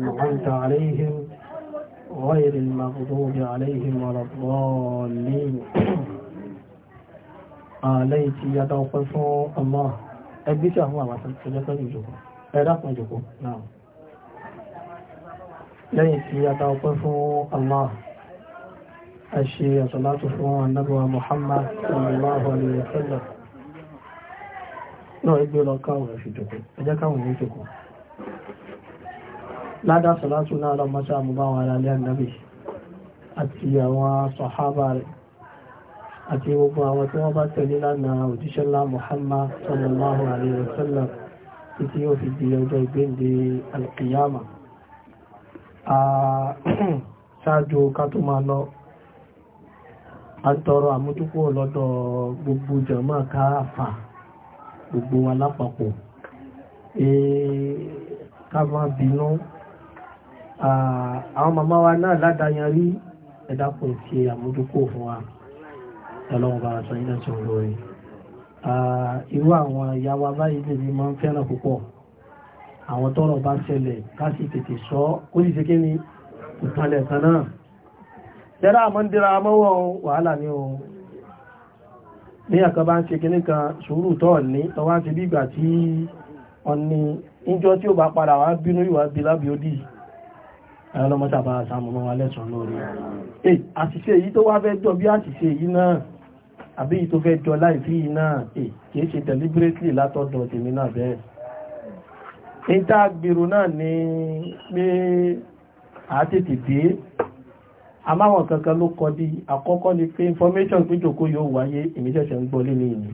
أنعمت عليهم غير المغضوب عليهم ولا الضالين àlẹ́yìí yàtọ̀ ọpẹ́ fún ọmọ ẹgbẹ́ tí àwọn àwọn àtàkùnjẹ́kọ́ ìjòkó ẹ̀dàkùn ìjòkó náà lẹ́yìn tí yàtọ̀ ọpẹ́ fún ọmọ ẹṣẹ́ àtàlátù fún annabuwa Muhammad sallallahu alaihi wasallam náà ẹgbẹ́ lọ káwọn ẹ̀ṣìjòkó ẹjẹ́ káwọn ẹ̀ṣìjòkó ládá sọ̀látù náà lọ mọ́sá àmúbáwà alẹ́ ànábì àti àwọn sọ̀hábà rẹ̀ àti gbogbo àwọn tí wọ́n bá tẹ̀lé lánàá òjíṣẹ́ ńlá Muhammad sallallahu alaihi wasallam títí yóò fi di ká máa bínú àwọn màmá wa náà ládàáyanrí ẹ̀dàpọ̀ ti àmójúkò fún wa ọlọ́run bá sọ yínà tí ó lórí irú àwọn ìyá wa báyìí lè ní máa ń fẹ́ràn púpọ̀ àwọn tọ́rọ̀ bá ṣẹlẹ̀ ká sì tètè sọ ó sì ṣe kí ni ìpalẹ̀ kan náà yẹ́rà àmọ́ ń dira mọ́wọ́ wàhálà ni o ní àkọ́ bá ń ṣe kíní kan sùúrù tọ́ ní tọ́wá ti bí ìgbà tí ọ ní ìjọ tí ó bá padà wá bínú ìwà bí lábí ó dì ọlọ́mọ́sàbá àsàmùnà wa lẹ́sàn lórí àṣìṣe èyí tó wá fẹ́ jọ bí àṣìṣe èyí náà àbí èyí tó fẹ́ jọ láìfí yìí náà kìí ṣe deliberately látọ̀dọ̀ tèmi náà bẹ́ẹ̀ níta gbèrò náà ni pé a tètè dé amáwọn kankan ló kọ bí àkọ́kọ́ ni pé information pé jòkó yóò wáyé ìmísẹ̀sẹ̀ ń gbọ́ lé ní ìní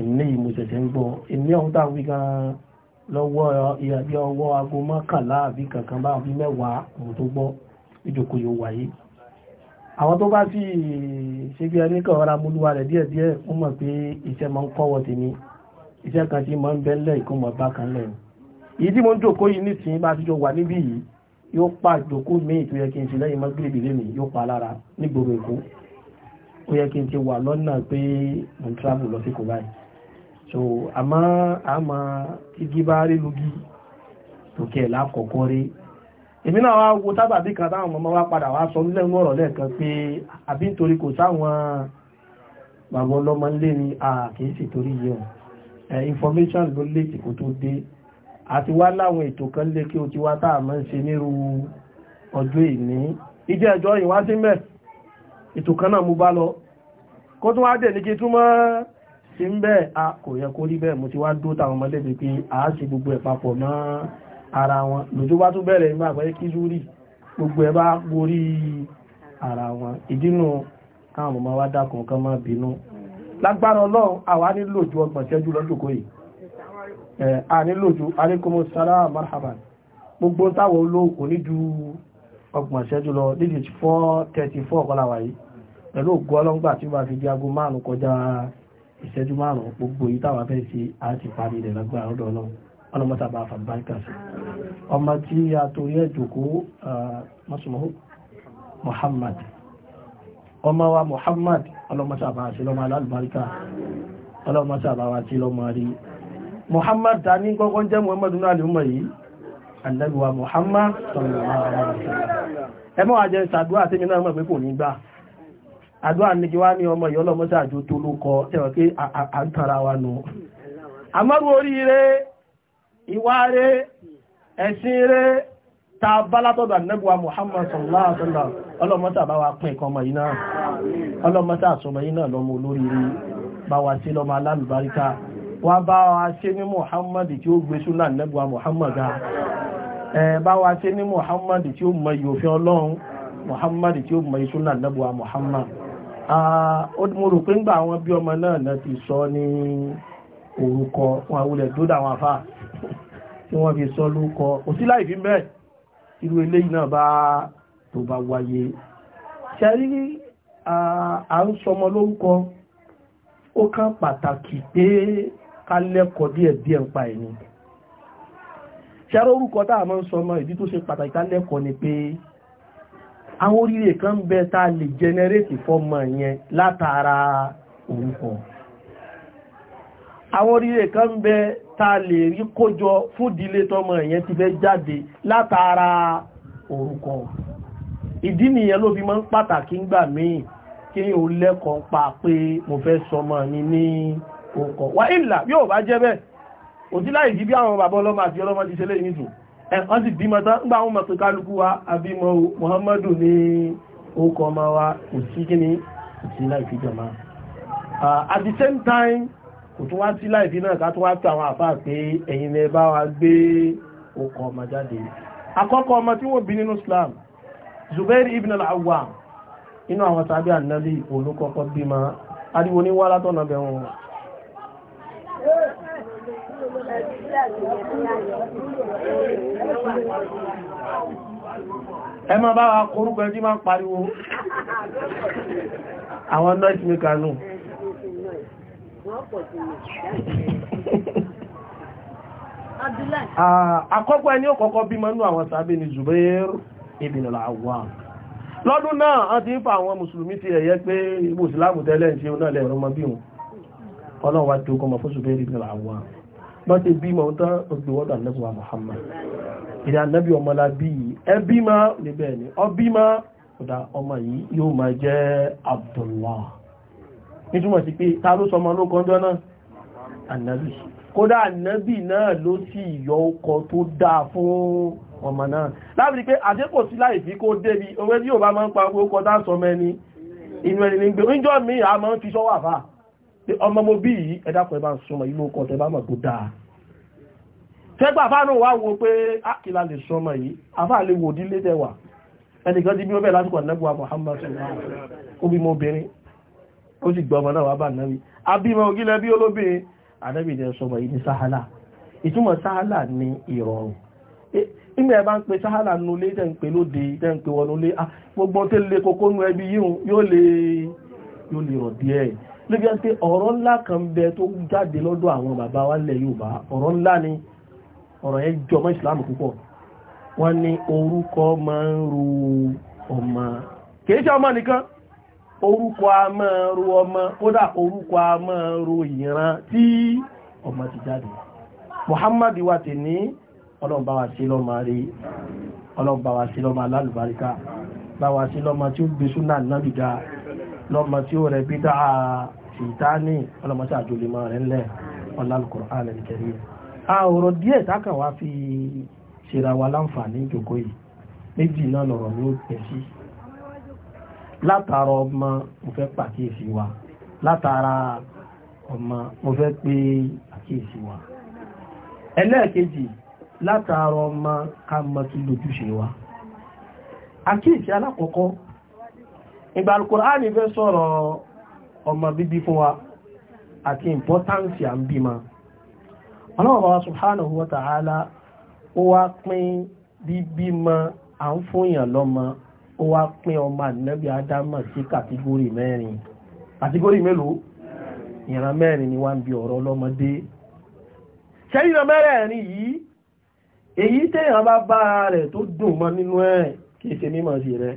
ìní ìmúṣẹ̀sẹ̀ ń gbọ́ ìní ọ̀hún táwọn gan-an lọ́wọ́ ìyàbí ọwọ́ aago mọ́kànlá àbí kankan bá bí mẹ́wàá òun tó gbọ́ ìjòkó yóò wáyé àwọn tó bá sì ṣe bí ẹni kan ọ̀rá múlúwa rẹ̀ díẹ̀ díẹ̀ ó mọ̀ pé iṣẹ́ máa ń kọ́wọ́ tèmi iṣẹ́ kan tí máa ń bẹ́lẹ̀ ìkómọ̀ bá kan lẹ̀ èyí tí mo ń so àmọ́ àmọ́ igi bá rí lugi tòkè lákọ̀ọ́kọ́ rí èmi náà wá wo tábàbí kan táwọn ọmọ wa padà wá sọ nílẹ̀ ọ̀rọ̀ lẹ́ẹ̀kan pé àbí nítorí kò sáwọn bàbá ọlọ́mọ nílé ni sì torí yẹ ọ̀ information ló lè tí kò tó dé àti wá láwọn ètò kan lé kí o ti wá táà mọ́ ṣe nírú ọjọ́ ìní ìjẹ́ ẹjọ́ ìwá sí mẹ́ ètò kan náà mú bá lọ kó tún wá dẹ̀ ní kí túmọ̀ sí ń bẹ́ẹ̀ a kò yẹ kó rí bẹ́ẹ̀ mo ti wá dó táwọn ọmọlẹ́bí pé a ṣe gbogbo ẹ̀ papọ̀ mọ́ ara wọn lójú bá tún bẹ̀rẹ̀ nígbà pé kí zúrì gbogbo ẹ̀ bá gorí ara wọn ìdínú káwọn ọmọ wa dákun kan máa bínú lágbára ju ọgbọ̀n ṣẹ́jú lọ́jọ́ kó yìí a nílò ju aríkọmọ sára marhaban gbogbo táwọn olóòkò ìṣẹ́jú márùn-ún gbogbo yìí táwọn afẹ́ sí a ti parí rẹ̀ lágbára ọ̀dọ̀ ọlọ́run ọlọ́mọta bá fàbáríkà ọmọ tí a torí ẹ̀ jòkó mọ́sùmọ́ Muhammad ọmọ wa Muhammad ọlọ́mọta bá sí lọ́mọ alálùbáríkà ọlọ́mọta bá wá Muhammad ta ní kọ́kọ́ jẹ́ Muhammad náà ní Muhammad sọ̀rọ̀ ẹmọ́ àjẹ́ ìsàdúrà tí mi náà àdúrà ní kí wá ní ọmọ ìyọ́lọ́mọ́sá àjò tó ló kọ tẹ́wọ̀ a ń tara wa nù àmọ́rú oríire ìwà rẹ̀ ta bálátọ́dà nẹ́gbà Muhammad sallallahu alaihi wasallam ọlọ́mọ́sá pín ìkan ọmọ yìí náà ọlọ́mọ́sá àsọmọ yìí náà lọ́mọ bá wa sí lọ́mọ wá bá wa ṣe ní Muhammad tí ó gbé súnà mo rò pé ńgbà àwọn bí ọmọ náà náà ti sọ ní orúkọ wọn àwúlẹ̀ tó dáwọn afá tí wọ́n fi sọ lórúkọ òsí láì fi bẹ́ẹ̀ irú eléyìí náà bá tó bá wáyé ṣẹ́rí à ń sọmọ lórúkọ ó kàn pàtàkì pé ká lẹ́kọ̀ọ́ díẹ̀díẹ̀ ń pa ẹ̀yìn ṣẹ́rí orúkọ táà máa ń sọmọ ìdí tó ṣe pàtàkì ká lẹ́kọ̀ọ́ ni pé àwọn oríire kan bẹ tá lè generate fọ́mọ yẹn látara orúkọ àwọn oríire kan ń bẹ tá lè rí kójọ fún ìdílé tọ́mọ yẹn ti fẹ́ jáde látara orúkọ ìdí nìyẹn ló fi máa ń pàtàkì ńgbà míì kí o lẹ́kọ̀ọ́ pa pé mo fẹ́ sọmọ mi ní orúkọ wà ìlà yóò bá jẹ́ bẹ́ẹ̀ òtí láì jí bí àwọn bàbá ọlọ́mọ àti ọlọ́mọ ti ṣe lẹ́yìn nìtò wọ́n sì bímọ tán nígbà wọn mọ̀tò kálukú wa àbímọ Muhammadu ní orúkọ ọmọ wa kò kí ni kò sí láìfi at the same time kò tún wá sí láìfi náà ká tún wá pé àwọn àfáà pé ẹ̀yin lẹ bá wa gbé orúkọ ọmọ jáde àkọ́kọ́ ọmọ tí wọ́n bí nínú Islam Zubair ibn al-Awwam inú àwọn tàbí ànàlì olókọ́kọ́ bímọ ariwo ní wá látọ̀nà bẹ̀rún Thank you ẹ máa bá wa korúkọ ẹjí máa pariwo àwọn noise maker nù ah, àkọ́kọ́ ẹni ó kọ́kọ́ bí mọ́nú àwọn sàábé ni Zubair ibn al-Awwam lọ́dún náà a ti ń fa àwọn mùsùlùmí ti ẹ̀yẹ pé ibò ìsìláàmù tẹ́lẹ̀ ń ṣe náà lẹ́rọ mọ́ bí wọn ọlọ́wà tí ó kọmọ fún Zubair ibn al bá ti bí ma tán ògbèwọ́dọ̀ annabuwa muhammad ìdá annabi ọmọlá bí ẹbí ma níbẹ̀ ni ọbí ma ọ̀dá ọmọ yìí yóò máa jẹ́ abdullah nítumọ̀ sí pé ta ló sọmọ ló kọjọ́ náà annabi kódà annabi náà ló sì yọ ọkọ̀ tó dáa fún ọmọ náà lábìrí pé àdékò sí láì fi kó débi owó tí yóò bá máa ń pa owó kọjá sọmọ ẹni inú ẹni ní gbé oúnjọ́ mi àmọ́ fi sọ́wọ́ àfáà pé ọmọ mo bí yìí ẹ dákun ẹ bá ń súnmọ́ ìlú ọkọ̀ tẹ bá mọ̀ tó dáa tẹ́gbà fánù wá wo pé ákìlá ah, lè súnmọ́ yìí afá lè wò dílé tẹwà ẹnìkan ti bí ó bẹ̀ lásìkò ànẹ́gbà Muhammad sallallahu alaihi wasallam ó bí mọ́ obìnrin ó sì gbọmọ náà wà bá nàbí abímọ ògílẹ̀ bí olóbìnrin ànẹ́bì jẹ́ súnmọ́ ah, yóò lè rọ̀ díẹ̀ lóbi ẹ́ ọ̀rọ̀ ńlá kan bẹ tó jáde lọ́dọ̀ àwọn bàbá wa lẹ̀ bá ọ̀rọ̀ ńlá ni ọ̀rọ̀ yẹn jọmọ́ ìsìlámù púpọ̀ wọ́n ní orúkọ máa ń ọmọ kìí ọmọ nìkan orúkọ a máa ru ọmọ kódà orúkọ a máa ru ìran tí ọmọ ti jáde Muhammad wa ti ní wa lọ́mọ alálùbáríkà bá ṣètáni ọlọ́mọṣẹ́ àjòlèmọ́ rẹ̀ ńlẹ̀ Al-Qur'an al-Karim àwòrán díẹ̀ tákàn wá fi ṣera wa láǹfààní ìjòkó yìí méjì náà lọ̀rọ̀ ní òpin sí látara ọmọ mo fẹ́ pàkíyèsí wa látara ọmọ mo fẹ́ pé àkíyèsí wa ẹlẹ́ẹ̀kejì látara ọmọ ká mọ kí lójúṣe wa àkíyèsí alákọ̀ọ́kọ́ ìgbà Al-Qur'an fẹ́ sọ̀rọ̀ ọmọ bíbí fún wa àti importance à ń bímọ ọlọ́wọ́ bá wa subhanahu wa ta'ala ó wá pín bíbímọ à ń fúnyàn lọ́mọ ó wá pín ọmọ ànábì ádámà sí kàtígórì mẹ́rin kàtígórì mélòó ìran mẹ́rin ni wá ń bi ọ̀rọ̀ ọlọ́mọdé ṣẹ́yìnà mẹ́rẹ̀ẹ̀rin yìí èyí téèyàn bá bá rẹ̀ tó dùn mọ́ nínú ẹ̀ kìí ṣe mímọ̀ sí rẹ̀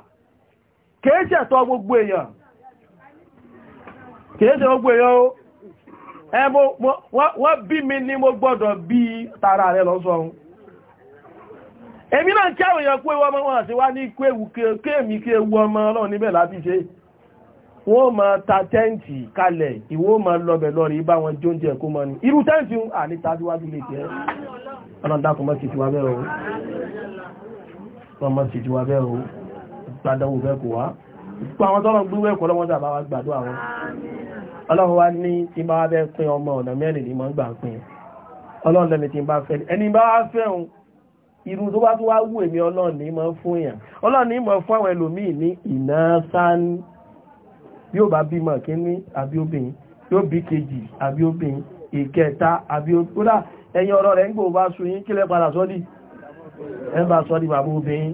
kìí ṣe ẹ̀tọ́ gbogbo èèyàn gbogbo èèyàn o wọ́n bí mi ní mo gbọ́dọ̀ bí tara rẹ lọ sọ náà kí àwọn èèyàn wọ́n wọ́n wá ní kéèmì kí ewu ọmọ ọlọ́run níbẹ̀ láti ta tẹ́ǹtì kalẹ̀ ma lọ́bẹ̀ wọn kó mọ́ ní irú tẹ́ǹtì tàbíwájú lè jẹ́ ti o gbàdánwò bẹ́ẹ̀ kò wá pípa àwọn tọ́lọ̀ gbígbé ẹ̀kọ́ lọ́wọ́ tàbá wa gbàdúrà wọn ọlọ́run wa ní tí bá bẹ́ pín ọmọ ọ̀nà mẹ́rin ní mọ́ gbà pín ọlọ́run lẹ́mi tí bá fẹ́ ẹni bá wá fẹ́ òun irú tó bá tó wá wù èmi ọlọ́run ní mọ́ fún èèyàn ọlọ́run ní mọ́ ẹ bá sọ́dí bàbá obìnrin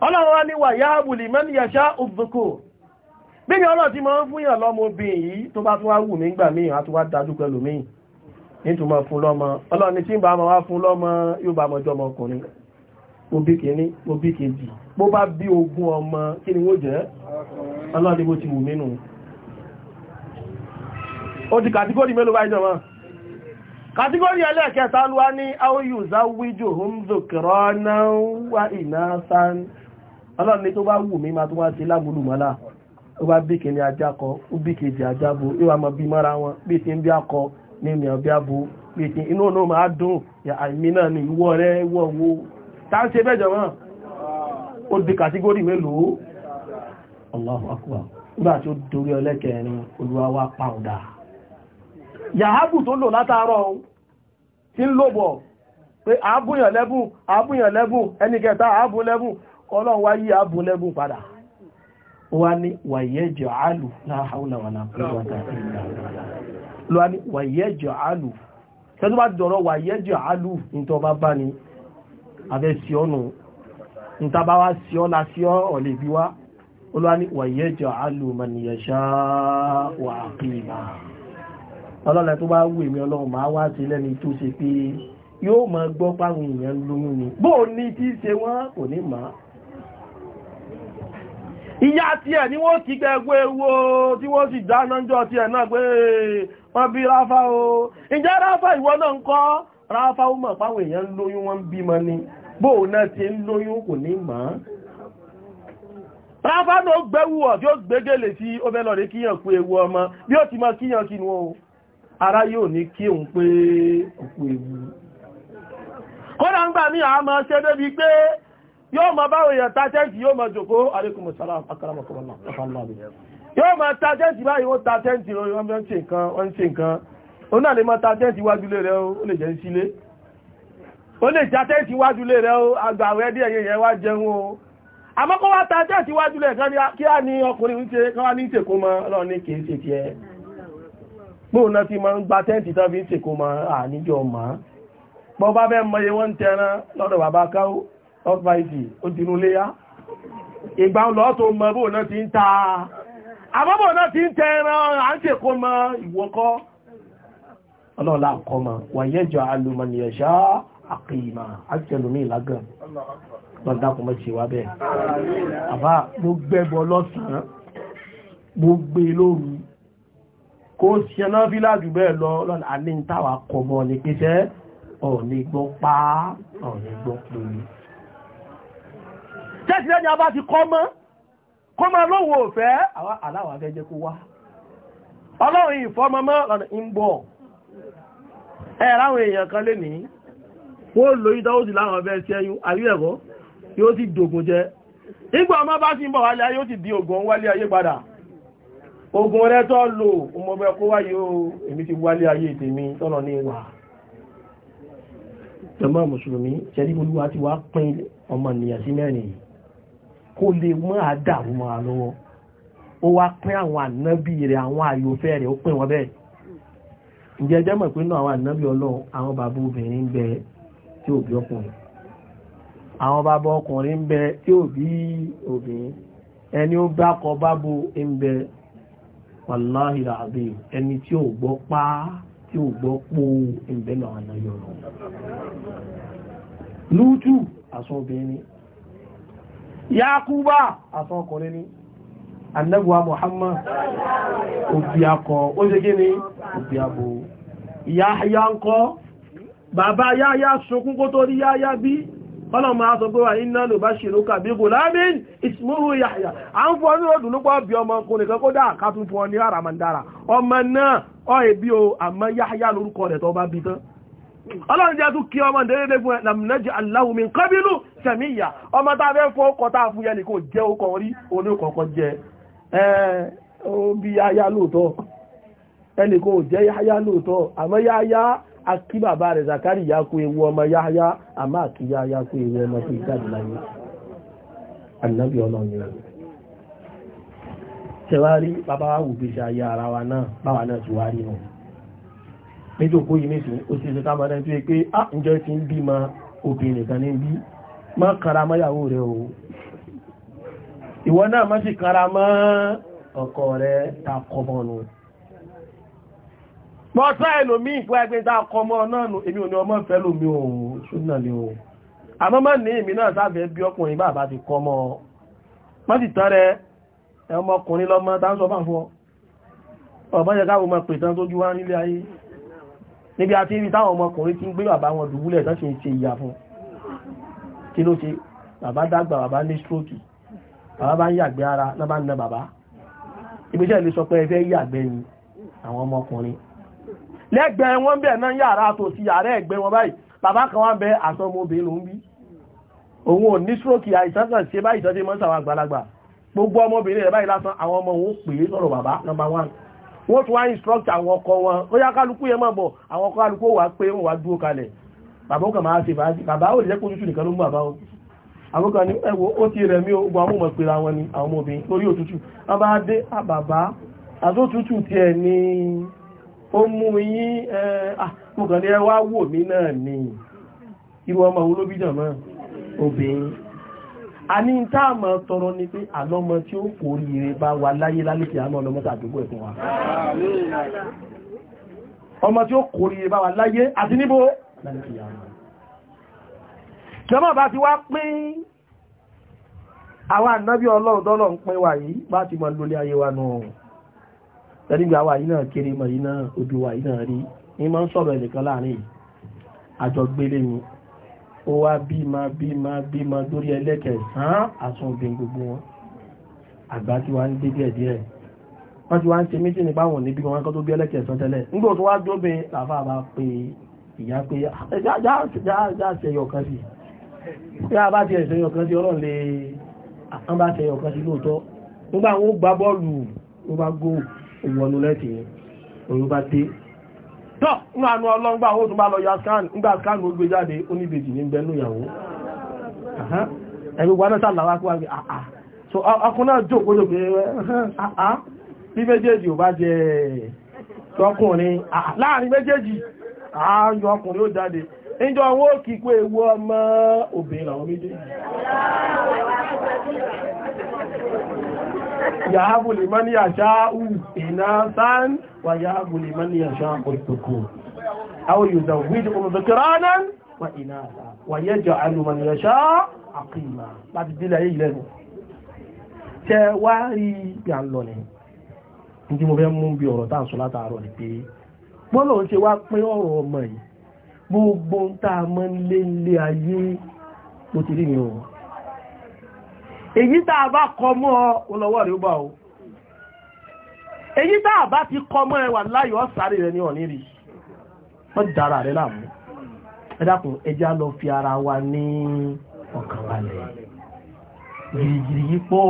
ọlọ́run wá ní wà yáàbù lè mẹ́ni yẹ̀ṣá òbùkò bí ni ọlọ́run ti máa ń fún yàn lọ́mọ obìnrin yìí tó bá tún wá wù mí gbà míì á tún wá dájú pẹ̀lú míì nítumọ̀ fún lọ́mọ ọlọ́run tí ń bá máa wá fún lọ́mọ yóò bá mọjọ́ ọmọkùnrin mo bí kìíní mo bí kejì bó bá bí ogún ọmọ ni wọ́n jẹ́ ọlọ́run ni bó ti wù mí nù ó di kàtígórì mélòó báyìí jọmọ́ kàtígórì ẹlẹ́ẹ̀kẹta ọlọ́run tó bá wù mí máa tó wá sí lámúlùmọ́lá ó bá bí kìíní ajá kọ ó bí kejì ajá bo yóò wá mọ bí mọ́ra wọn bí ti ń bí akọ ní mi ọ̀bí abo bí ti inú òun máa dùn àìmí náà ni ìwọ rẹ ìwọ wo tá ń ṣe bẹ́jọ mọ́ ó di kàtígórì mélòó Allahu akbar nígbà tí ó dorí ọlẹ́kẹ̀ẹ́rin olúwa wá pàwùdà tó lò látàárọ̀ tí ń lòbọ̀ pé àábùyàn lẹ́bùn àábùyàn lẹ́bùn ẹnikẹta àábùn lẹ́bùn ọlọ́run wá yí ààbò lẹ́bùn padà wá ní wàyẹ́jọ àlù láhàúnà wà náà pẹ̀lú lọ ní wàyẹ́jọ àlù tẹ́tù bá dọ̀rọ̀ wàyẹ́jọ àlù nítọ́ bá bá ní abẹ́ sí ọ́nù la sí ọ́ ọ̀lẹ́ bí wá olúwa ní wàyẹ́jọ àlù mànìyànṣá wà àpìmà ọlọ́lẹ̀ tó bá wù èmi ọlọ́run máa wá sí lẹ́ni tó ṣe pé yóò máa gbọ́ páwọn èèyàn lóyún ni bóò ní tí ṣe wọ́n kò ní máa ìyá tí ẹ̀ ní wọ́n kí ewu ewó tí wọ́n sì dáná jọ tí ẹ̀ náà pé wọ́n bí ráfá o ìjẹ́ ráfá na náà ń kọ́ ráfá ó mọ̀ páwọn èèyàn lóyún wọ́n ni bóò náà ti ń lóyún kò ní mọ̀ ráfá náà gbẹ́wùwọ̀ tí ó gbégélè sí ó kíyàn pé ewu ọmọ bí ó ti mọ kíyàn o ara yóò ní kí òun pé òkú ewu kódà ń gbà ní yóò máa báwọn èèyàn ta tẹ́ǹtì yóò máa jòkó alaykum assalam akramakumullah yóò máa ta tẹ́ǹtì báyìí ó ta tẹ́ǹtì wọ́n ń ṣe nǹkan wọ́n ń ṣe nǹkan ó náà lè máa ta tẹ́ǹtì wájúlé rẹ̀ ó lè jẹ́ sílé ó lè ta tẹ́ǹtì wájúlé rẹ̀ ó agbàwẹ́ díẹ̀ yẹn wá jẹun o àmọ́ kó wá ta tẹ́ǹtì wájúlé kan kí á ní ọkùnrin ń ṣe kán wá ní ìṣèkó mọ́ ọlọ́run ní kìí ṣe tiẹ̀ bóun náà ti máa ń gba tẹ́ǹtì tán fi ń ṣèkó mọ́ àníjọ́ wọ́n ń lọ́dọ̀ bàbá káwó ọgbàìdì ó dínú léyá ìgbà lọ́ tó mọ bóò náà ti ń ta àbọ́bọ̀ náà ti ń tẹ ẹran à ń tèkó mọ ìwọ́kọ́ ọlọ́ọ̀lá àkọ́ mọ wàyẹ́jọ alùmọ̀nìyàṣá àkìyìmà àtẹlùmí ìlágàn lọ́dákùnmọ́ ti wá bẹ́ẹ̀ àbá mo gbẹ́bọ lọ́sàn-án mo gbé e lóru tẹ́sí lẹ́ni abá ti kọ́ mọ́ kọ́ máa lówó òfẹ́ aláwọ̀ afẹ́jẹ́ kó wá ọlọ́run ìfọ́mọmọ́ lọ́nà ń bọ̀ ẹ̀ráwọn èèyàn kan lè ní wọ́n lò ìdáwòsì láwọn ọ̀fẹ́ sí ẹyún àríẹ̀kọ́ yóò ti dògùn jẹ ìgbà ọmọ bá sí ń bọ̀ wálé ayé ó ti di ògùn wálé ayé padà ògùn rẹ tó lò ọmọbẹ kó mùsùlùmí ṣẹ́lí olúwa ti wá pín ọmọ nìyàn mẹ́rin yìí kó lè mọ́ àdàrú mọ́ a lọ́wọ́ ó wá pín àwọn ànábì rẹ̀ àwọn àyòfẹ́ rẹ̀ ó pín wọn bẹ́ẹ̀ ǹjẹ́ ẹjẹ́ mọ̀ pé náà àwọn ànábì ọlọ́run àwọn bàbá obìnrin ń bẹ tí òbí ọkùnrin àwọn bàbá ọkùnrin ń bẹ tí òbí obìnrin ẹni ó bá kọ bábo ń bẹ wàláhì làbí ẹni tí ò gbọ́ pa tí ò gbọ́ po ń bẹ náà ànábì ọlọ́run lútù àsọ obìnrin Yakuba àtọkùnrin ni annabuwa Muhammad òbí akọ ó ṣe kí ni òbí abo Yahya ń kọ́ bàbá Yahya sunkún kó tó rí Yahya bí ọlọ́mọ aṣọ iná ló bá ṣe lókà bí gulamin ismuhu Yahya a ń fọ́ ní ọdún lópọ̀ bí ọmọ ọkùnrin kan kódà kátún fún ọ ní àràmàndára ọmọ náà ọ èbí o àmọ́ sẹ̀míyà ọmọ tá fẹ́ fún ọkọ̀ tá fún yẹnì kò jẹ́ ọkọ̀ rí oníkọ̀ọ̀kọ̀ jẹ bí yáyá lóòtọ́ ẹnì kò jẹ́ yáyá lóòtọ́ àmọ́ yáyá akí bàbá rẹ̀ zakari ya kú ewu ọmọ yáyá àmọ́ àkí yáyá kú ewu ọmọ tó jáde láyé ànábì ọlọ́run tẹwárí bàbá wà wùgbèsè ayé ara ah ǹjọ́ ti ń bímọ obìnrin kan ní bí má kara mọ́ ìyàwó rẹ̀ o ìwọ náà má sì kara mọ́ ọkọ rẹ̀ ta kọmọ nù pọ́sá ẹlòmí ìpọ́ ẹgbẹ́ ta èmi ò ní ọmọ ìfẹ́ lómi o ṣúnà ni o àmọ́ má ní èmi náà sáfẹ́ bí ọkùnrin bàbá ti kọmọ má sì tán rẹ ọmọkùnrin lọ́mọ tá ń sọ fà fún ọ ọmọ yẹ káwọn ọmọ pètàn tó jú wá nílé níbi àti ibi táwọn ọmọkùnrin ti ń gbé bàbá wọn tán ṣe ń ṣe ìyà fún kí ló ṣe bàbá dàgbà bàbá ní stroke bàbá bá ń yàgbẹ́ ara náà bá bàbá ibiṣẹ́ ilé sọ pé ẹ fẹ́ ni àwọn ọmọkùnrin lẹ́gbẹ̀ẹ́ wọn bẹ̀ náà yàrá tó sí yàrá ẹ̀gbẹ́ wọn báyìí bàbá kan wá bẹ àsọmọbìnrin number one wọ́n tún wá instruct àwọn ọkọ wọn ó yá kálukú yẹn mọ̀ bọ̀ àwọn ọkọ kálukú wà pé wọ́n wá dúró kalẹ̀ bàbá ó kà máa ṣe bàbá ó lè jẹ́ kójúṣù nìkan ló mú bàbá ó àwọn kan ní ẹwọ ó ti rẹ̀ mí ogun àwọn ọmọ ìpìlà wọn ni àwọn ọmọ lórí òtútù wọ́n dé àbàbá àtótútù ti ẹ̀ ni ó mú yín àkókàn ní ẹwà wò mí náà ni irú ọmọ olóbíjàn náà obìnrin a ní táàmà tọrọ ní pé àlọ́mọ tí ó kò ríire bá wà láyé lálẹ́kì àmọ́ ọlọ́mọ tàbígbò ẹ̀kùn wa ọmọ tí ó kò ríire bá wà láyé àti níbo jọmọ́ bá ti wá pín àwọn ànábí ọlọ́run tọ́lọ̀ ń pín wà yìí bá ti mọ̀ lólé ayé wa náà tẹ́lígbà wà yìí náà kéré mọ̀ yìí náà odò wà yìí náà rí ní mọ́ ń sọ̀rọ̀ ẹ̀nìkan láàrin àjọgbélé mi ó wá bímọ bímọ bímọ lórí ẹlẹ́kẹ̀ẹ́sán àtúnbìn gbogbo wọn ti wá ń ṣe méjì nípa wọn níbi wọn kọ́ tó bí ẹlẹ́kẹ̀ẹ́sán tẹ́lẹ̀ pe ìyá pé ah, já ṣẹyọ sí pé a bá ti ẹ̀ṣẹyọ sí ọlọ́run lè àwọn ah, bá ṣẹyọ sí lóòótọ́ nígbà wọn gba bọ́ọ̀lù ló bá gó ìwọ̀nù lẹ́tì yẹn so ọkùnrin náà jókòó eh, eh, eh, ah, bí méjèèjì ò bá jẹ tọkùnrin láàrin méjèèjì ààyọ ọkùnrin ó jáde níjọ wọn ó kíkó ewu ọmọ obìnrin àwọn méjèèjì yàábù lè mọ́ ní àṣà ìná sáán wà yàábù lè mọ́ ní àṣà òtòkò àwọn yóò zàwí ìdíkùnmù wà ìná wà yẹjọ bọ́lọ̀ ń ṣe wá pín ọ̀rọ̀ ọmọ yìí gbogbo ń tàà mọ́ nílé ilé ayé ó ti rí ní ọ̀rọ̀ èyí tàà bá kọ mọ́ rẹ̀ ó bá o èyí tàà bá ti kọ mọ́ ẹwà láyọ̀ ọ̀sáré rẹ̀ ní ọ̀ní rí wọ́n dára rẹ̀ láàmú ẹ ẹjá lọ fi ara wa ní ọkàn balẹ̀ gìrìgìrì yìí pọ̀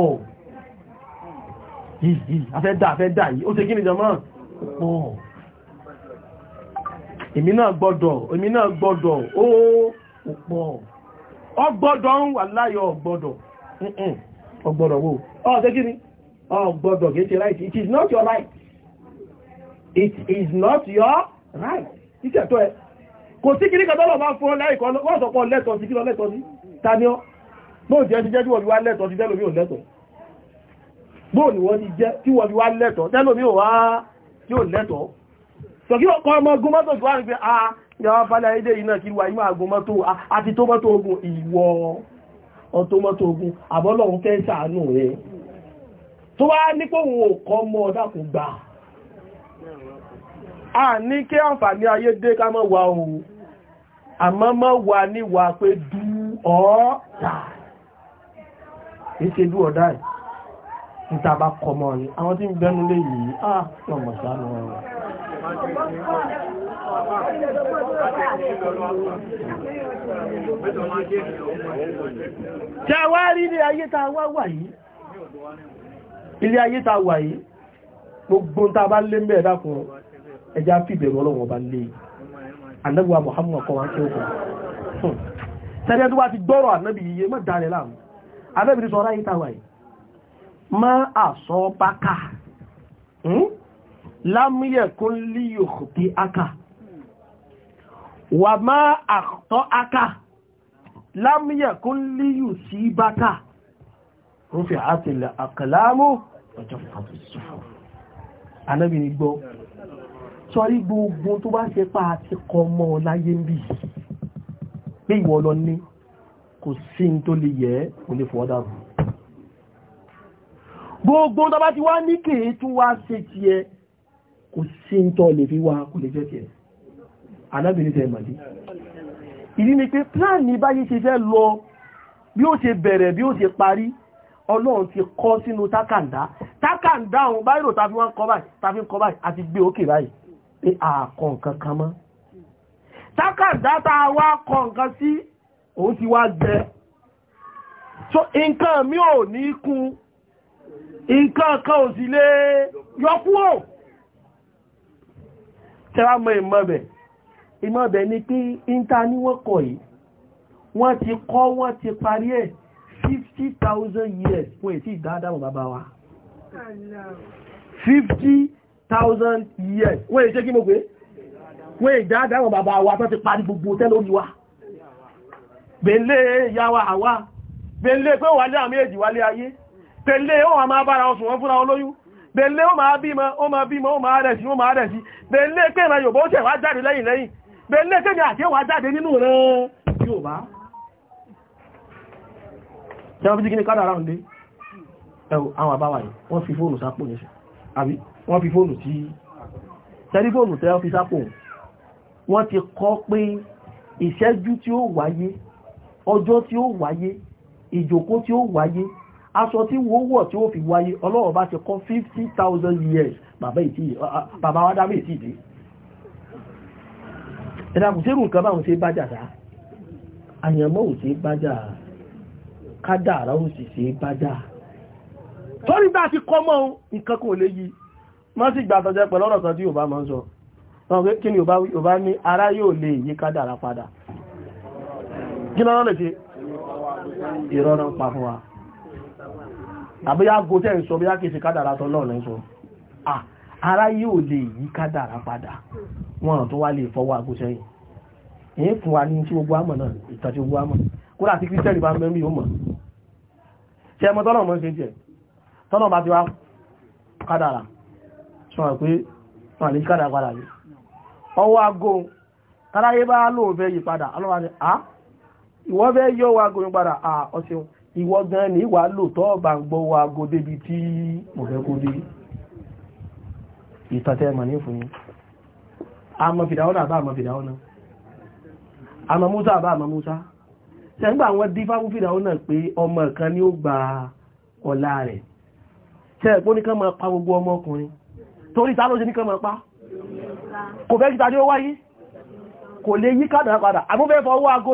yìí yìí afẹ́dà afẹ́dà yìí ó ṣe kí ni jọmọ́ pọ̀ èmi náà gbọ́dọ̀ èmi náà gbọ́dọ̀ ó pọ̀ ọgbọ́dọ̀ ń wà láyọ̀ ọgbọ́dọ̀ ọgbọ́dọ̀ wo ọ̀dẹ́ kí ni ọgbọ́dọ̀ kìí ṣe right it is not your right it is not your right ìṣẹ̀tọ́ ẹ kò sí kí ní kàtọ́lọ̀ bá fún ọlẹ́ẹ̀kọ́ lọ́sọ̀pọ̀ lẹ́tọ̀ sí kí lọ lẹ́tọ̀ sí tani ọ́ bóò jẹ́ ti jẹ́ tí wọ́n wá lẹ́tọ̀ sí tẹ́lómi ò lẹ́tọ̀ bóò ni wọ́n ti jẹ́ tí wọ́n wá lẹ́tọ̀ tẹ́lómi ò wá sọ̀kí ọkọ̀ ọmọ ogun mọ́tò tó wà ní pé a yàwó falẹ̀ ayédè iná kí wà ìmọ̀ àgùn mọ́tò àti ah, tó mọ́tò ogun ìwọ ọ̀tó mọ́tò ogun àbọ́lọ́run fẹ́ ṣàánú rẹ̀ tó wá nípò òun ò kọ́ mọ́ ọ̀dàkùn gbà a ní kí àǹfààní ayédè ká mọ́ wà ah lọ́mọ̀ sánú Tẹ́ wá rí ilé ayé ta wá wà yìí, ilé ayé ta wà yìí, gbogbo ta bá lé mẹ́ dákùn ẹjá fìbẹ̀rù ọlọ́wọ̀n bá lé. Ànábíwa Muhammad kọwa kí ó kùn. Tẹ́lẹ̀ tó wá ti gbọ́rọ̀ ànábì yìí, mọ́ dáre láàmù. Ànábì ní sọ ráyí ta wà yìí lámúyẹ̀kún líyò tí aka wà máa àtọ́ aka lámúyẹ̀kún líyò sí báka rúfì àti ilẹ̀ àkàlámú ọjọ́ anábì ní gbọ́ sọrí gbogbo tó bá ṣe pa àti kọ mọ́ láyé ń bí pé ìwọ lọ ní kò sí tó lè yẹ kò lè fọ́dá bù gbogbo tó bá ti wá ní kèé tún wá ṣe tiẹ̀ kò sí ń tọ́ lè fi wá kò lè jẹ́ tiẹ̀ alábìnrin tẹ́ màdí ìdí ni pé plan ní báyìí ṣe fẹ́ lọ bí ó ṣe bẹ̀rẹ̀ bí ó ṣe parí ọlọ́run ti kọ sínú tákàndá tákàndá òun báyìí rò tàbí wọ́n kọ báyìí àti gbé òkè báyìí pé àkọ nǹkan kan mọ́ tákàndá so nǹkan mi ò ní kún nǹkan kan ò tẹ́wà mọ́ ìmọ̀bẹ̀ ìmọ̀bẹ̀ ni pé ìntà ní wọ́n kọ̀ yìí wọ́n ti kọ́ wọ́n ti parí ẹ̀ 50,000 years fún èsì ìdáadáwọ̀ bàbá wa 50,000 years wọ́n èsì kí mo pé wọ́n ìdáadáwọ̀ bàbá wa tó ti parí gbogbo tẹ́ lórí wa bẹ̀lẹ̀ yàwà àwà bẹ̀lẹ̀ pé wà ní àmì èjì wálé ayé bẹ̀lẹ̀ wọ́n máa bára ọsùn wọn fúnra olóyún bẹ̀lẹ́ ó máa bímọ ó máa bímọ ó máa rẹ̀ sí ó máa rẹ̀ sí bẹ̀lẹ́ pé ìran Yorùbá ó tẹ̀ wá jáde lẹ́yìn lẹ́yìn bẹ̀lẹ́ tẹ́mi àti ẹwà jáde nínú rẹ̀ Yorùbá tẹ́wọ́n fi jí kí ní kádà ara ǹdé ẹwọ àwọn àbáwà yìí wọ́n fi fóònù sápò ní ṣe àbí wọ́n fi fóònù tí ti kọ́ pé ìjòkó tí ó wáyé aṣọ tí wọ́n wọ̀ tí ó fi wáyé ọlọ́wọ̀ bá ti kọ́ 50,000 years bàbá wa dámé ìtì dé ẹ̀dàkùn tí nǹkan báwọn ṣe bájà dá àyànmọ́ ò ṣe bájà kádàrá ò sì ṣe bájà torí bá ti kọ́ mọ́ nǹkan kò lè yí má sì gbà tọ́jẹ́ pẹ̀lú ọ̀rọ̀ kan tí Yorùbá máa ń sọ kí ni Yorùbá ní ara yóò lè yí kádàrá padà kí náà lè ṣe ìrọ̀rùn pa fún wa àbúyá gòtẹ́ ń sọ bí ákèsì kádàrà tọ́ lọ́nà sọ ara yóò lè yí kádàrà padà wọn tó wá lè fọwọ́ fún wa ní tí gbogbo àmọ̀ náà ìtàn tí gbogbo ti kúrò àti kírísítẹ́nì bá mẹ́rin yóò mọ̀ ṣe ẹmọ tọ́nà mọ́ ṣe jẹ́ tọ́nà bá ti wá kádàrà sọ pé wọn lè kádàrà padà ni ìwọ gan ní wà lóòtọ́ ọba ń gbọ́ wa go débi tí mo fẹ́ kó dé ìtàtẹ́ ẹmọ̀ ní fún yín àmọ́ fìdáwọ́nà àbá àmọ́ fìdáwọ́nà àmọ́ Músà àbá àmọ́ Músà tẹ́gbà àwọn dífá fún fìdáwọ́nà pé ọmọ kan ni ó gba ọlá rẹ̀ tẹ́ pó ní kán pa gbogbo ọmọkùnrin torí ta ló ṣe ní kán máa pa kò fẹ́ kí tàbí ó wáyé kò lè yí kádàrá padà àmúfẹ́ fọwọ́ ago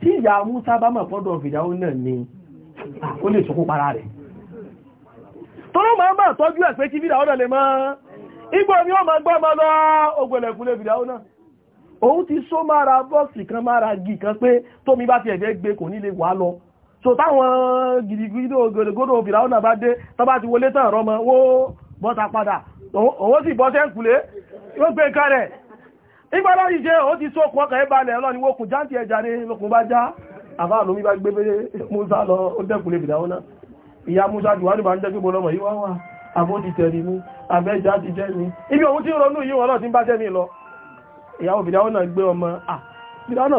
tí ìyá Musa bá mọ̀ fọ́dọ̀ fìdáwó náà ni ó lè sọkó para rẹ̀ tó ló máa máa tọ́jú ẹ̀ pé kí fìdáwó náà lè mọ́ igbó ni ó máa gbọ́ máa lọ ogbèlẹ̀kúlé fìdáwó náà òun ti só mára bọ́ọ̀sì kan mára gì kan pé tómi bá ti ẹ̀fẹ́ gbé kò nílé wà lọ so táwọn gidigidi ògòdògòdò fìdáwó náà bá dé tọ́ bá ti ìgbàlá ìṣẹ́ ó ti só kún ọkà ìbàlẹ̀ ọlọ́ni wókùn jáǹtì ẹja ní lókun bá já àbá àlómi bá gbé bẹ́rẹ̀ Musa lọ ó dẹ́kùnlé bìdáwó náà ìyá Musa jù bá ń dẹ́gbé bọ́lọ́mọ̀ yíwá wà àbó ti mú àbẹ́já ti ibi òun tí yíwọ́ ti bá jẹ́ mi lọ ìyàwó gbé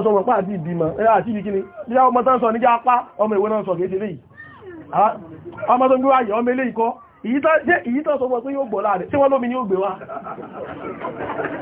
sọ àti ìbímọ àti ibi kíni bìdáwó ọmọ tán sọ níjà apá ọmọ ìwé náà sọ ọmọ tó ń gbé ọmọ sọ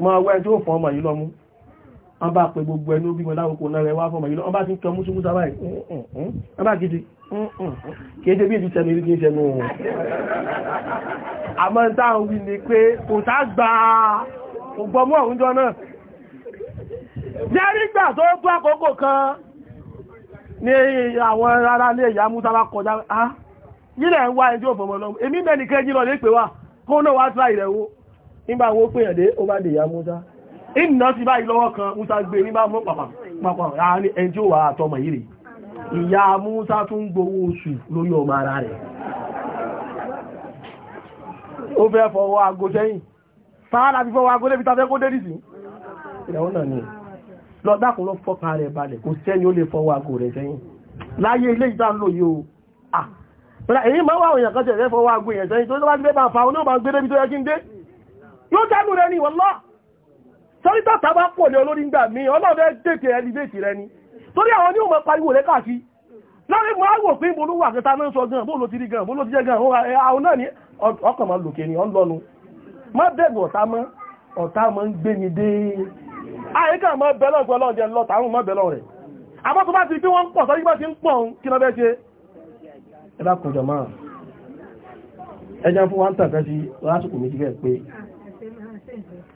máa wẹ́ tí ó fún ọmọ yìí lọ́mú wọ́n bá pẹ gbogbo ẹnu bí wọn láwọ́kò náà rẹ̀ wá fún ọmọ yìí lọ́mú wọ́n bá ti ń kẹ mú súnmú sábà wọ́n ba, gidi kéde bí ìdí tẹnu ìdí tẹnu wọn àmọ́ táwọn wí ni pé kò sá gba ògbọmọ òunjọ náà jẹ́rígbà tó tó àkókò kan ní àwọn ará ilé ìyá mútàbá kọjá ah yílẹ̀ ń wá ẹjọ́ òfòmọ̀ lọ́mú èmi mẹ́ni kẹ́jì lọ lé pè wá kó náà wá tíra ìrẹ̀wó nígbà wo pé ẹ̀dẹ́ ó bá dè ya Musa ìnà sí báyìí lọ́wọ́ kan Musa gbé e, nígbà mọ́ pàpà láàrin ẹni tí ó wà àtọmọ yìí rè ìyá Musa tún gbowó oṣù lórí ọmọ ara rẹ̀ ó fẹ́ fọwọ́ aago sẹ́yìn sáárà fi fọwọ́ aago lébi tàbí kó dé nìsí ìyàwó náà ni lọ lọ fọ́pa rẹ̀ balẹ̀ kò sẹ́ni ó lè fọwọ́ aago rẹ̀ sẹ́yìn láyé ilé ìta lò yóò à èyí máa wà òyìnkan tẹ̀lé fọwọ́ aago yẹn sẹ́yìn tó tó bá ti dé bá fa oní yóò jágùn rẹ ní wọ́lá sọ́rí tọ́ta bá pọ̀ ní olórí ń gbà mí ọlọ́rẹ́ tètè ẹlìbẹ̀tì rẹ ni torí àwọn ní òmọ̀ pariwo rẹ káàkiri lórí mọ́ àwò pé ìbò olúwà kẹta náà sọ gan bóòlò ti rí gan bóòlò ti jẹ́ gan eh, àwọn náà ní ọkàn ma lòkè ní ọlọ́nu má bẹ̀rù mọ́ mọ́ ń gbé mi dé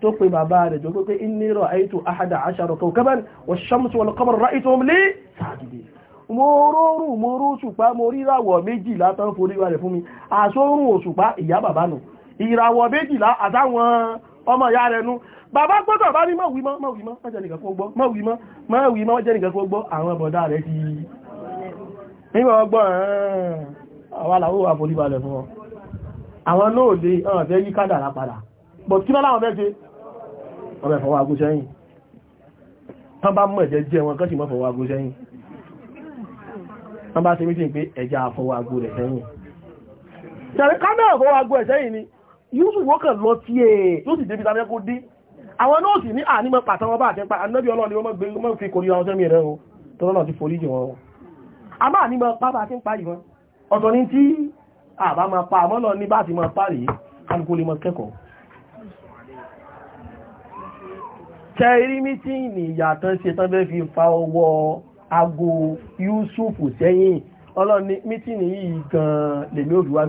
tó pe bàbá rẹ̀ jọ pé inni ra'aytu ahada ashara kawkaban wash-shamsa wal-qamara ra'aytuhum li sajidin mo rọrùn mo rú ṣùpá mo ríràwọ̀ méjìlá tán forí wa rẹ̀ fún mi àṣórùn òṣùpá ìyá bàbá nù ìràwọ̀ méjìlá àtàwọn ọmọ ìyá rẹ̀ nú bàbá gbọ́dọ̀ bá ní má wí mọ́ má wí mọ́ má jẹ́ nìkan kó gbọ́ má wí mọ́ má wí mọ́ jẹ́ nìkan kó gbọ́ àwọn náà lè ọ̀fẹ́ yí kádàrá bọ̀ kí náà láwọn wọ́n bẹ̀ fọwọ́ agún sẹ́yìn tán bá mọ̀ ẹ̀jẹ̀ jẹ́ wọn kán sì mọ́ fọwọ́ agún sẹ́yìn tán bá ṣe mítìn pé ẹja fọwọ́ agún rẹ̀ sẹ́yìn ṣàrí kámẹ́rà fọwọ́ agún ẹ̀ sẹ́yìn ni e, yóò sì wọ́kàn lọ tí ẹ̀ yóò sì débi tàbí ẹkú dí àwọn náà ní ànímọ̀ mọ́ fi wọn a máa pa àmọ́lọ ní bá mọ́ tẹ́rí mítíìnì ìyàtọ̀ ṣe tán fẹ́ fi fa ọwọ́ ago Yusuf sẹ́yìn ọlọ́ni mítíìnì yìí gan lèmi Yusuf ni à ń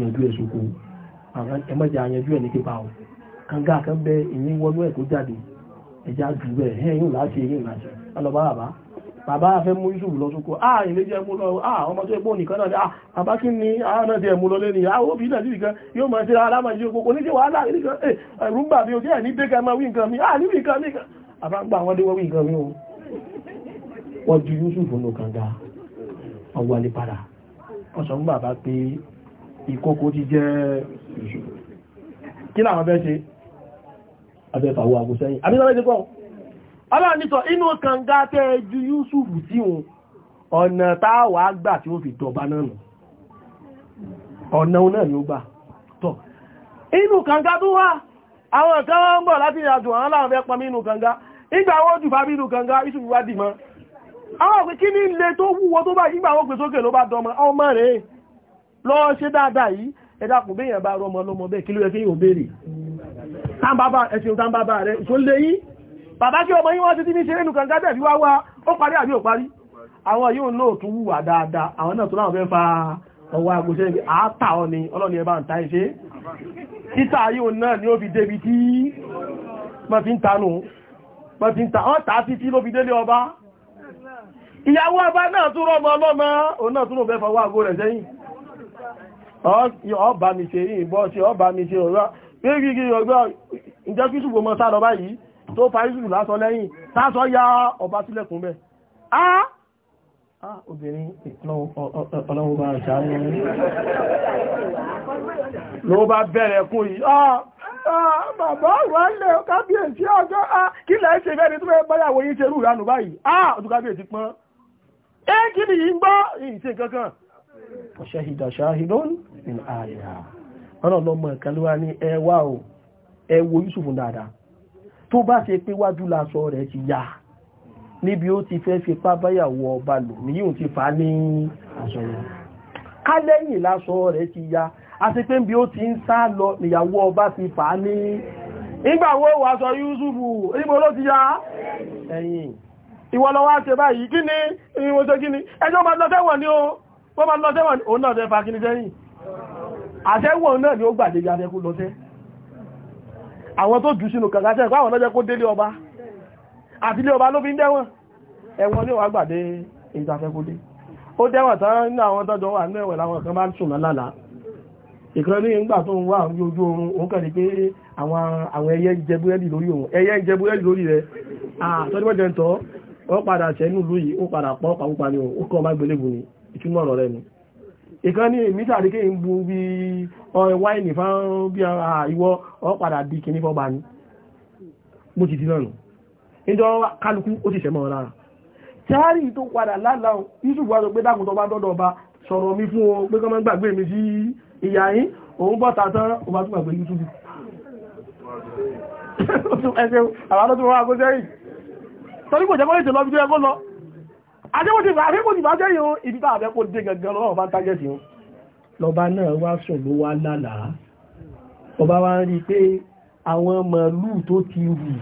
yanjú ẹ̀ sóko ẹ̀ ní pípa ọ̀ kanga kan bẹ ìyín wọnú ẹ̀ tó jáde jù bẹ́ẹ̀ ẹ̀yìn láti ẹ̀yìn láti bàbá afẹ́ mú Yusuf lọ sóko ah ilé jẹ́ mú lọ ah ọmọ tó ẹgbọ́n nìkan náà ni ah bàbá kí ni ah náà ti ẹ̀mú lọ lẹ́ni ah ó fi náà síbi kan yóò máa ṣe aláma ìṣe òkòkò ní ṣe wàhálà rí kan eh ẹ̀rú ń bà mí o tí ẹ̀ ní ah níbi nǹkan mi kan àbá ń gbà wọ́n dé wọ́n wí nǹkan mi o wọ́n ju Yusuf nù kànga wọ́n wọlé padà wọ́n sọ fún bàbá ti jẹ́ ọlọ́run nítọ̀ inú kànga tẹ́ ju Yusuf sí wọn ọ̀nà táwà gbà tí ó fi dọ̀bá náà nù ọ̀nà náà ni ó gbà tọ́ inú kànga tó wá àwọn kan wọ́n ń bọ̀ láti ìrìnàjò àwọn aláwọ̀ fẹ́ kanga inú kànga ìgbà wọ́n jù bá bí inú kànga iṣu wá dì mọ́ àwọn òpin kí ní ilé tó wúwo tó bá ìgbà wọ́n pè sókè ló bá dọmọ ọmọ rẹ̀ lọ ṣe dáadáa yìí ẹ̀dá kò béèyàn bá rọmọ lọmọ bẹ́ẹ̀ kí ló bàbá kí ọmọ yín wọ́n ti ní ṣeré nù kànká tẹ̀bí wá wá ó parí àbí ò parí àwọn yóò náà tún wùwà dáadáa àwọn náà tó láwọn fẹ́ fa ọwọ́ agbóṣẹ́ àátà ọ ọlọ́ni ẹbá ń ta iṣẹ́ títà yóò náà ni ó fi débi tí wọ́n fi ń ta ọ́ tà sí tí mọ́ sálọ báyìí tó fa ìṣùlù lásọ lẹ́yìn sásọ ya ọba sílẹ̀kùn bẹ́ ah obìnrin ọlọ́wọ́ bá ṣàánú ló bá bẹ̀rẹ̀ kún yìí bàbá wà lẹ̀ kábíyèsí ọjọ́ kí lẹ́ ṣe fẹ́ni tó fẹ́ báyàwó yí ṣe rú báyìí ah ọdún kábíyèsí pọ́n é kí ni yìí ń gbọ́ ìṣe kankan ọ̀ṣẹ́ ìdàṣà ìdón ìlà àyà ọ̀nà ọlọ́mọ ìkàlúwa ní tó bá ṣe pé wájú lásọ rẹ̀ ti yá níbi ó ti fẹ́ fi pá báyàwó ọba lò ní yíò ti fà ní aṣọ rẹ̀ kálẹ́yìn lásọ rẹ̀ ti yá àti pé bí ó ti ń sá lọ níyàwó ọba ti fà ní ìgbàwó wàṣọ Yúsùfù níbo ló ti yá ẹ̀yìn ìwọ lọ wá ṣe báyìí kí ni ìwọ̀n kí ni ẹjọ́ máa lọ sẹ́wọ̀n ni ó wọ́n máa lọ sẹ́wọ̀n òun náà fẹ́ àwọn tó jù sínú kàkàtẹ́ ìpáwọn lọ́jẹ́ kó délé ọba àti ilé ọba ló fi ń dẹ́wọ̀n ẹ̀wọ̀n ní ọwà gbàdé ìtafẹ́kúdé ó dẹ́wọ̀n tán nínú àwọn tọ́jọ wà ní ẹ̀wọ̀n láwọn kan bá ń sùn lálàá ìkan ní ìgbà tó ń wà ojú oorun òun kàn ní pé àwọn ẹyẹ ń jẹ búrẹ́dì lórí òun ẹyẹ ń jẹ búrẹ́dì lórí rẹ̀ àtọ́júmọ́jẹ ń tọ́ ọ padà sẹ́nu lóyìí ó padà pọ́ pàwọ́pàá ni ó kọ́ ọmọ gbélébù ni ìtumọ̀ ọ̀rọ̀ rẹ̀ ni ìkan ní èmì tàbí kí n bú bí ọ̀rẹ́ wáìnì fáwọn bí ìwọ ọ̀padà bí kìíní fọ́bà ní mo ti dínà nù ìjọ kálukú ó sì sẹ́mọ̀ lára tíárì tó padà láláun yíṣù wá sọ pé dákùn tó bá dọ́dọ̀ ọba sọ̀rọ̀ mi fún o pé kọ́ máa gbàgbé mi sí ìyá àṣẹ́kòtìbà jẹ́ yóò ibi tàà bẹ́ kó dé gẹ̀gẹ̀ lọ́wọ́ bá ń tágẹ́tì yóò lọba náà wá sùn ló wá lálàá ọba wá ń rí pé àwọn màálù tó ti rù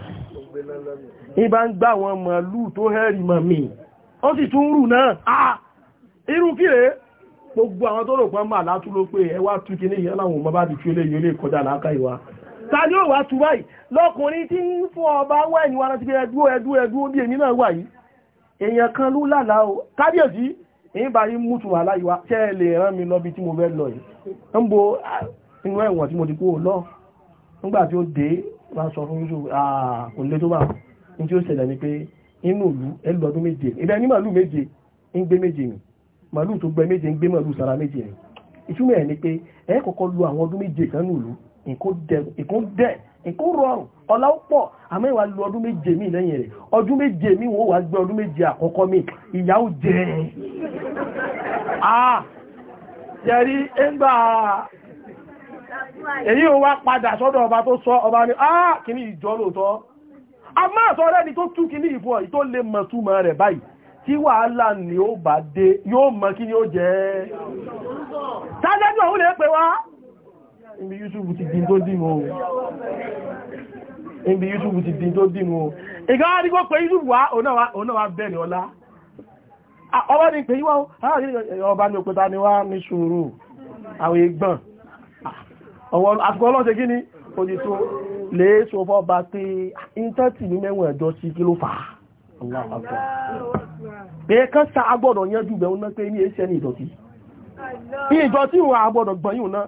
ìbá ń gbá àwọn màálù tó hẹ́rì màmì ó sì tún rù náà irú kí rèé gbogbo àwọn tó rò pọ́n máa látú ló pé ẹ wá tú kíní ìyá láwọn ọmọ bá di tí ó lè yọ lè kọjá láàká ìwà tàbí ó wá tú báyìí lọkùnrin tí ń fún ọba wẹ́yìn wa láti fi ẹdú ẹdú ẹdú ó bí èmi náà wà yìí èèyàn kan ló lálàá o kábíyèsí èyí bá yí mú tùwà láyíwá ṣé ẹ lè rán mi lọ bí tí mo fẹ́ lọ yìí ń bo inú ẹ̀wọ̀n tí mo ti kú ò lọ nígbà tí ó dé bá sọ fún ni pé inú ìlú ẹlọ́dún méje ibẹ̀ ní màálù méje ń gbé méje ni màálù tó gbẹ méje ń gbé màálù ìkún dẹ̀ ìkún rọrùn ọlá ó pọ̀ àmọ́ ìwà lu ọdún méje mi lẹ́yìn rẹ̀ ọdún méje mi wọ́n wá gbé ọdún méje àkọ́kọ́ mi ìyá ó jẹ́ ah jẹ́rí ẹ́ngbà èyí ò wá padà sọ́dọ̀ ọba tó sọ ọba ní ah kì ní ìjọ lóòtọ́ a máa sọ rẹ́ni tó tún kì ní ìfún ọ̀yí tó lè mọ̀ túmọ̀ rẹ̀ báyìí tí wàhálà ni ó bá dé yóò mọ̀ kí ni ó jẹ́ ibi YouTube ti dín tó dìmọ̀ o ibi YouTube ti dín tó dìmọ̀ o ìgbà wá ní kó pé YouTube wá òun wá bẹ̀rẹ̀ ọlá ọba ní pé yíwá ọba ní òpẹta ni wá ní ṣòro àwọn ìgbọ̀n àsìkò ọlọ́ṣẹ́ kí ni ojú tó lè sọ fọ́ba pé íńtẹ́tì ah, ní mẹ́wọ̀n ẹ̀jọ́ sí kí ló fà sa agbọ́dọ̀ yẹn jù bẹ̀rún náà pé ní èsẹ́ ní ìdọ̀tí ìjọ tí wọ́n agbọ́dọ̀ gbọ́n náà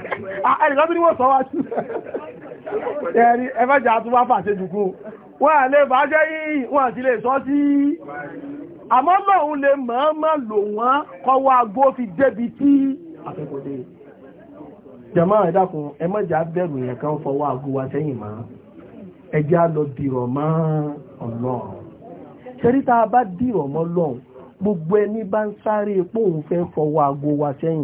Ah, ẹnìkan tó ní wọ́n sọ wá sí ẹ̀rí ẹfẹ́jà tó bá fàṣẹ jùkú wọ́n à lè bá jẹ́ yìí wọ́n àti lè sọ sí àmọ́ lòun lè mọ̀ọ́mọ̀ lò wọ́n kọwọ́ agbó fi débi tí àfẹ́kọ̀dé jẹmọ́ ẹ̀dàkùn ẹmọ́jà bẹ̀rù yẹn kan fọwọ́ agbó wa sẹ́yìn mọ́ ẹjẹ́ á lọ dìrọ̀ mọ́ ọlọ́run ṣẹ́ríta bá dìrọ̀ mọ́ ọlọ́run gbogbo ẹni bá ń sáré pòun fẹ́ fọwọ́ agbó wa sẹ́yìn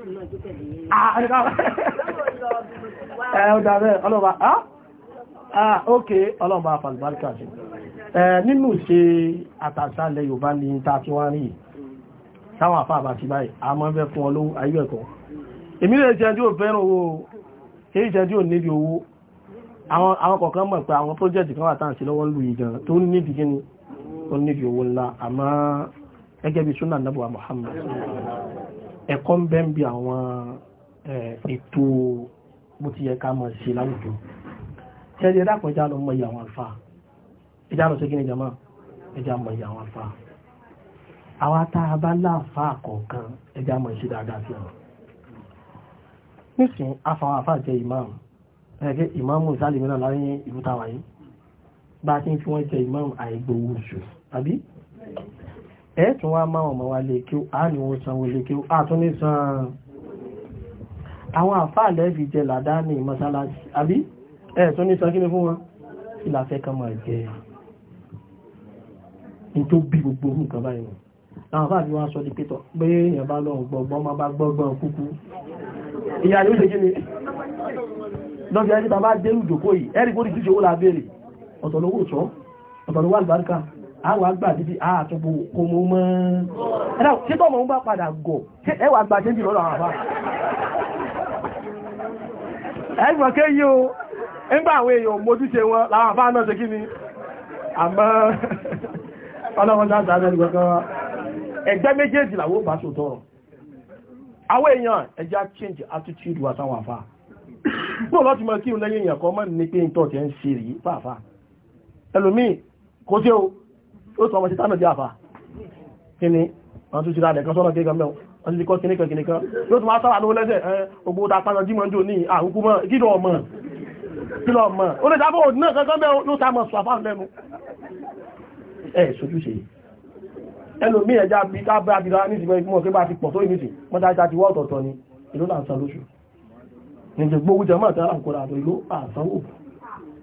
ọlọ́ba àfàlùbáríkà sí nínú ìṣe àtàṣálẹ̀ Yorùbá ní ta tí wọ́n rí táwọn àfà àbàtí báyìí a mọ́ fẹ́ fún ọlọ́wọ́ ayé ẹ̀kọ́ èmi lè jẹ́ tí ó fẹ́ràn owó èyí jẹ́ tí ó níbi owó àwọn kọ̀ọ̀kan mọ̀ pé àwọn pọ́jẹ́tì kan wà tán sí lọ́wọ́ lù ìgàn tó níbi gíní ó níbi owó ńlá àmọ́ gẹ́gẹ́ bí súnà nàbùwà Muhammad ẹ̀kọ́ ń bẹ́ ń bí àwọn eh, ètò bó ti yẹ ká mọ̀ sí láwùjọ ṣẹ́rí ẹ̀dá kan já lọ mọ iye àwọn àlfà ẹjá lọ sí kí ni jama ẹjá mọ iye àwọn àlfà àwọn atáàbá láàfà kọ̀ọ̀kan ẹjá mọ̀ sí dáadáa sí wọn nísìn afàwọn àfà jẹ ìmáàmù ẹgbẹ́ ìmáàmù ìsàlìmínà láàrin ìlú táwa bá a ti ń fi wọ́n jẹ ìmáàmù àìgbòwòsù tàbí ẹ̀ẹ́tùn wá máa ọmọ wa lè kí a ní wọ́n sanwó lè kí a tún ní san àwọn àfáàlẹ́ fi jẹ làdá ní mọ́sálásí àbí ẹ̀ẹ́tún ní san kí ní fún wọn kí la fẹ́ kán máa jẹ ní tó bí gbogbo nǹkan báyìí àwọn àfáà fi wá sọ di pétọ̀ pé èèyàn bá lọ gbọ̀gbọ́n máa bá gbọ́gbọ́n kúkú ìyá yóò ṣe kí ni lọ́fíà ẹni bàbá dérú ìdòkó yìí ẹ̀rí kó ní tíṣe owó la àlùbáríkà àwà gbà títí àtọ́gbò kò mọ́ mọ́ ẹ̀dá tí tọ́mọ̀ ń bá padà gọ̀ ẹwà gbà tí ń jì lọ́dọ̀ àwọn ẹgbọ̀n ké yí o ńgbà àwọn èèyàn mójúṣe wọn láwọn àbá náà ṣe kí ni àmọ́ ọlọ́wọ́n sáà sáà ẹgbẹ́ méjèèjì làwó bá sòtọ́ attitude wa sáwọn àfá náà lọ́tí mọ̀ kí o lẹ́yìn èèyàn kan mọ́ ní pé ń tọ́ tẹ́ ń ṣe rí ó sọ ọmọ sí tánà jẹ́ àfà kí ni wọ́n tún ti rádẹ̀ kan sọ́nà kéèkan mẹ́wọ́n wọ́n ti ti kọ́ kìnníkan kìnníkan yóò tún wá sára lówó lẹ́sẹ̀ ogbó ta pàtàkì jímọ̀ jò ní àhúkú mọ́ kí lọ mọ̀ kí lọ mọ̀ ó lè dábọ̀ òdì náà kankan mẹ́wọ́n ló ta mọ̀ sọ àfáà lẹ́nu ẹ̀ sojúṣe ẹlòmí ẹja bí ká bá ti rárá nísìmọ̀ ìgbìmọ̀ pé bá ti pọ̀ tó ìmìtì wọ́n ta ti wọ́ ọ̀tọ̀ọ̀tọ̀ ni ìlú là ń san lóṣù nígbègbówó jẹ́ mọ̀ tẹ́lá ń kóra àtọ̀ ìlú àsanwó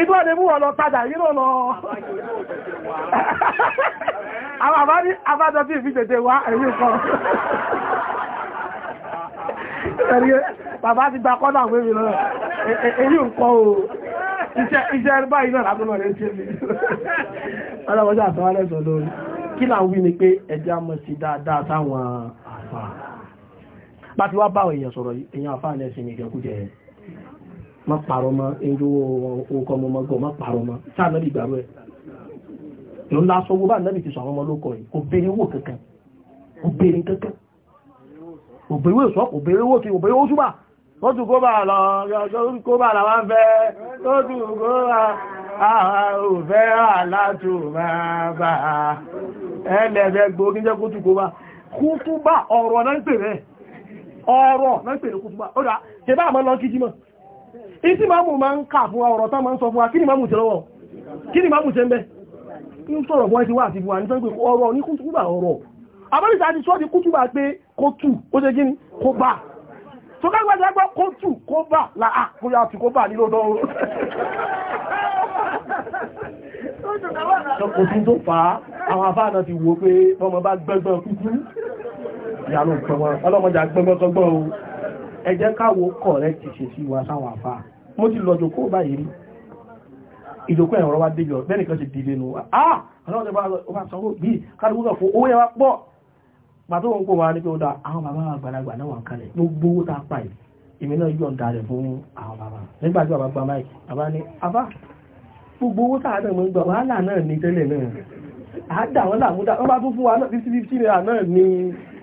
ìtú ọdẹ mú ọlọ tajà yíró lọ àwọn àbá ní abájọ tí ìfi tètè wá ẹ̀yìn kan ẹ̀rí bàbá ti gba kọ́nà àwọn èmi lọ́rọ̀ èyí nǹkan o iṣẹ́ báyìí náà lábúlọ rẹ̀ ṣe mi ọlọ́wọ́sí àtọwálẹ́sọ lórí kí là ń wí ni pé ẹjẹ́ a mọ̀ sí dáadáa sáwọn àfà bá ti wá báwọn èèyàn sọ̀rọ̀ èèyàn àfà ní ẹ̀sìn ìjẹkújẹ má parọ́ mọ́ ẹjọ́ orúkọ ọmọ ọmọ gan má parọ́ mọ́ sáà náà ìgbàrú ẹ̀ ló ń lásọ owó bá náà ti sọ àwọn ọmọ olókọ yìí kò béèrè owó kankan kò béèrè kankan kò béèrè owó sọ kò béèrè owó kí kò béèrè owó súbà ó tún kó bá lọ kó bá làwa ń fẹ́ ó tún kó bá àwọn òfẹ́ àlátùmá bá ẹlẹ́fẹ́ gbógí jẹ́ kó tún kó bá kútúbà ọ̀rọ̀ náà ń pè rẹ̀ ọ̀rọ̀ náà ń pè rẹ̀ kútúbà ó bá àmọ́ lọ ìtí màmù máa ń kà fún wa ọ̀rọ̀ tán máa ń sọ fún wa kí ni màmù ṣe lọ́wọ́ kí ni màmù ṣe ń bẹ́ ń sọ̀rọ̀ bọ́ ẹ ti wá àti buwa ní sọ́gbẹ̀ ọ̀rọ̀ ní kútùbà ọ̀rọ̀ abọ́lìsà ti sọ́ di kútùbà pé kó tù ó ṣe gíní kó bà tó ká gbájá gbọ́ kó tù kó bà láà kó yá tù kó bà nílò dọ́rọ̀ kò tún tó fà á àwọn afá náà ti wò pé ọmọ bá gbẹ́gbẹ́ kúkú ìyàlú ọlọ́mọdé àgbẹ́gbẹ́ kọgbọ́n ẹ jẹ́ káwo kọ̀ rẹ ti ṣe sí wa sáwọn àfà mo ti lọ́jọ́ kó báyìí rí ìjòkó ẹ̀rọ wá déjọ bẹ́ẹ̀ nìkan ah! ti dìde nù ah ọlọ́dẹ̀ bá sanwó bí kárùkúkà fún owó ẹwà pọ̀ pàtó wọn kó wá ní pé ó dá àwọn bàbá àgbàlagbà náà wà kalẹ̀ gbogbo owó tàà pàì èmi náà yọ̀ ń da rẹ̀ fún àwọn bàbá nígbàtí bàbá gba máì bàbá ní abá gbogbo owó tàà náà mọ́ gbà wàhálà náà ní tẹ́lẹ̀ náà àádà wọn làmúdà wọn bá tún fún wa náà fifty fifty naira náà ní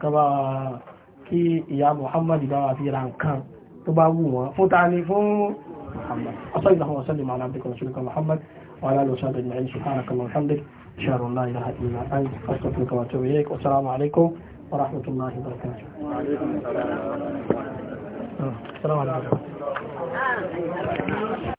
kọba kí ìyá Muhammad bá wà fi ra nǹkan tó bá wù wọn fún ta ni fún Muhammad ọ̀sán ìlànà ọ̀sán ìlànà àbí kan ṣùgbọ́n Muhammad wà láàrín ọ̀sán ìlànà ìlànà ìṣùkárà kan Muhammad ṣàrùn láì ra السلام عليكم